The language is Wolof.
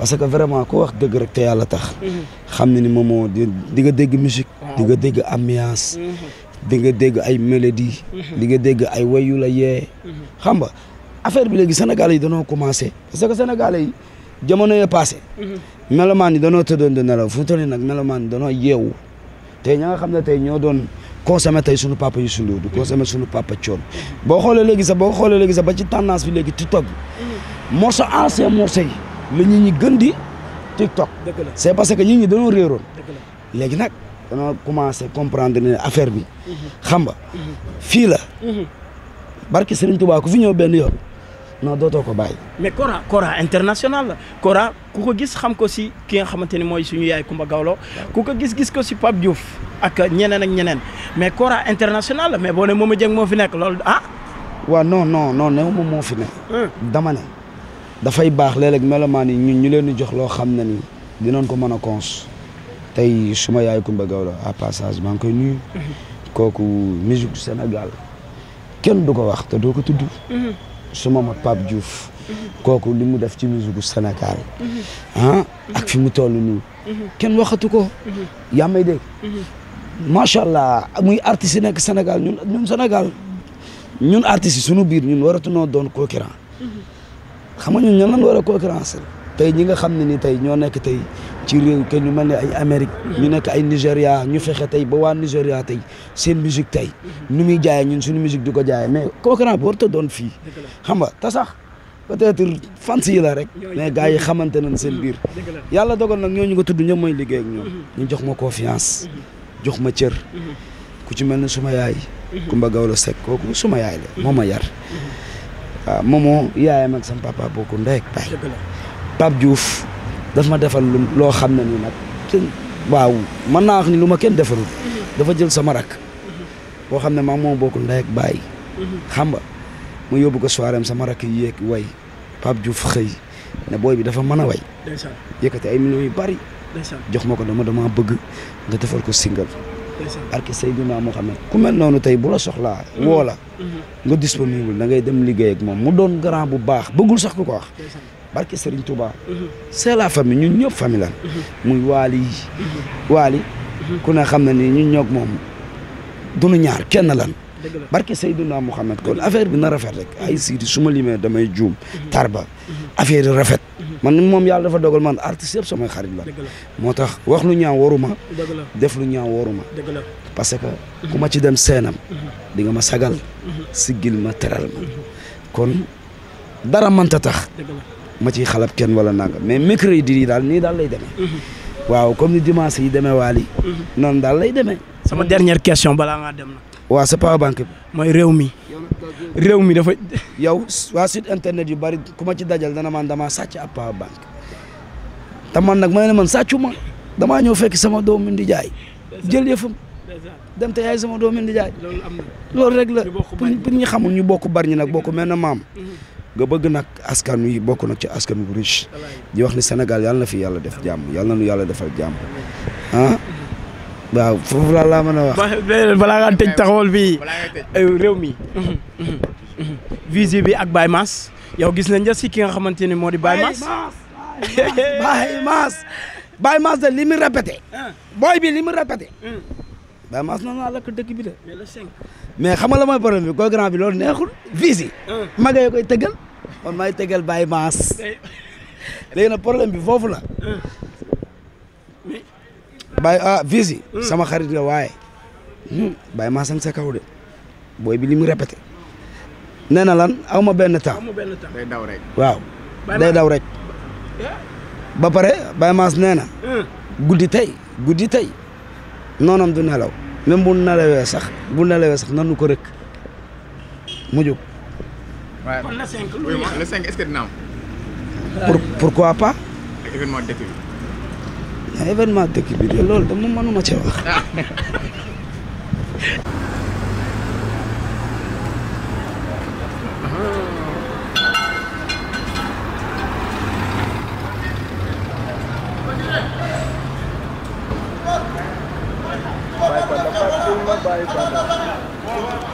parce que vraiment ku wax dëgg rek te tax. Mhm. xam ne ni moom moo di nga dégg musique. di nga dégg ambiance. Mhm. di nga dégg ay mélodie mhm. di nga dégg ay wayu la yee. xam nga affaire bi léegi Sénégalais yi danoo commencé parce que Sénégalais jamono yee passé. melomaan yi danoo tëddoon di nelaw fu mu nag melomaan yi danoo yeewu te ña nga xam ne tey ñoo doon. consommé tey sunu papa Youssou Ndour du consommé sunu papa Thione boo xoolee léegi sax boo xoolee léegi sa ba ci tendance bi léegi TikTok morceau ancien morceau yi la nit ñi gën di TikTok. c' est parce que nit ñi dañoo réeroon. léegi nag dañoo commencé comprendre ne affaire bi. Mhm. xam nga mhm. fii la. Mhm. barke Serigne Touba ku fi ñëw benn yoon. non dootoo ko bàyyi. mais Kora Kora international la ku ko gis xam ko si ki nga xamante ni mooy suñu yaay Kumba Gawlo ku ko gis gis ko si Pape Diouf ak ñeneen ak ñeneen mais Kora international la mais boo ne moom a jëng moo fi nekk loolu ah. wa non non non néew moo fi nekk. dama ne. dafay baax léeg-léeg melomaan yi ñun ñu leen di jox loo xam ne ni dinañ ko mën a cons tey suma yaay Kumba Gawlo à passage maa ngi koy nuyu kooku musique Sénégal kenn du ko wax te ko tudd suma mag Pape Diouf kooku li mu def ci musique Sénégal ah ak fi mu toll nii kenn waxatu ko yaa may dégg macha allah muy artistes yi nekk Sénégal ñun ñun Sénégal ñun artistes yi sunu biir ñun waratu noo doon concurrent xam nga ñun ñan lañ war a tey ñi nga xam ne ni tey ñoo nekk tey ci réew ke ñu mel ne ay Amérique ñu nekk ay Nigéria ñu fexe tey ba waa Nigéria tey seen musique tey nu muy jaayee ñun suñu musique di ko jaayee mais concurrence bu warta doon fii xam nga te sax peut-être fans yi la rek mais gars yi xamante nañ seen biir yàlla dogal nag ñoo ñu nga tudd ñëpp mooy liggéey ak mm-hmm. ñu jox ma confiance mm-hmm. jox ma cër mm-hmm. ku ci mel ne suma yaay Kumba Gawlo Seck kooku suma yaay la moo ma waaw ah, moomoo yaayam ak sama papa bokku ndey ak baay Pape Diouf daf ma defar lu loo xam ne nii nag waaw mën naa wax ni lu ma kenn defarul mhm. dafa jël sama rak mhm. boo xam ne maa moom bokkul ndey ak baay mhm. xam nga mu yóbbu ko soiréem sama rak yéeg way Pape Diouf xëy ne booy bi dafa mën a way yëkkati ay millions yu bari jox ma ko dama dama bëgg nga defal ko single barke Seydina Muhammad ku mel noonu tey bu la soxlaa mm-hmm. woo la nga disponible da ngay dem liggéey ak moom mu doon grand bu baax bëggul sax ku ko wax barke Serigne Touba mm-hmm. c'est la famille ñun ñëpp famille lan mm-hmm. muy waali yi waali ku ne xam na ni ñu ñoog moom duñu ñaar kenn lan barke Seydina Muhammad kon affaire bi na rafet rek ay siidi suma ma limee damay juum tarba affaire rafet man moom yàlla dafa dogal man artiste yëpp samay xarit la moo tax wax lu ñaaw waruma def lu ñaaw waruma parce que mhm. ku ma ci dem seenam mhm. di nga ma sagal mhm. siggil ma teral ma kon dara mënta tax ma ciy xalab kenn wala nangam mais mercredi yi daal ni daal lay demee waaw comme ni dimanche yi demee waali noonu daal lay demee sama dernière question balaa ngaa dem na waa c'est pas banque bi. mooy réew mi. réew mi dafa. yow waa site internet yu bari ku ma ci dajal dana man damaa sàcc ab pas banque te man nag ma ne man sàccu ma damaa ñëw fekk sama doomu di jaay jël yëfam dem te yaay sama doomu di jaay loolu rek la pour ñu xamul ñu bokk bari ñu nag bokk mel na maam. nga bëgg nag askan wi bokk nag ci askan bu riche di wax ni Sénégal yàlla na fi yàlla def jàmm yàlla na nu yàlla defal jàmm ah? waaw foofu laa laa mën a wax. balaa ngaa tëj taxawal bi réew mi. bi ak Baye Mass yow gis nañ nga si ki nga xamante ni moo di Baye Mass. Baye Mass Baye Mass booy bi li mu répété. Baye na noonu laa lakk dëkk bi de. mais xam nga la mooy bi koo grand bi loolu neexul Vizi. magay koy tëggal man maay tëggal Baye Mass. léegi nag problème bi foofu la. Baye ah Vizi. Hmm. sama xarit la waaye. Hmm, Baye maa sañ de booy bi li mu répété. nee na lan aw ma benn temps. day daw rek. waaw day daw rek. Eh? ba pare Baye Mass nee na. Hmm. guddi tey guddi tey. noonam du nelaw même bu nelawee sax bu nelawee sax nanu ko rek mu jóg. waaw kon le 5 le 5 événement dëkk bi de loolu dama mënuma ci wax. Vai, vai, vai, vai, vai, vai.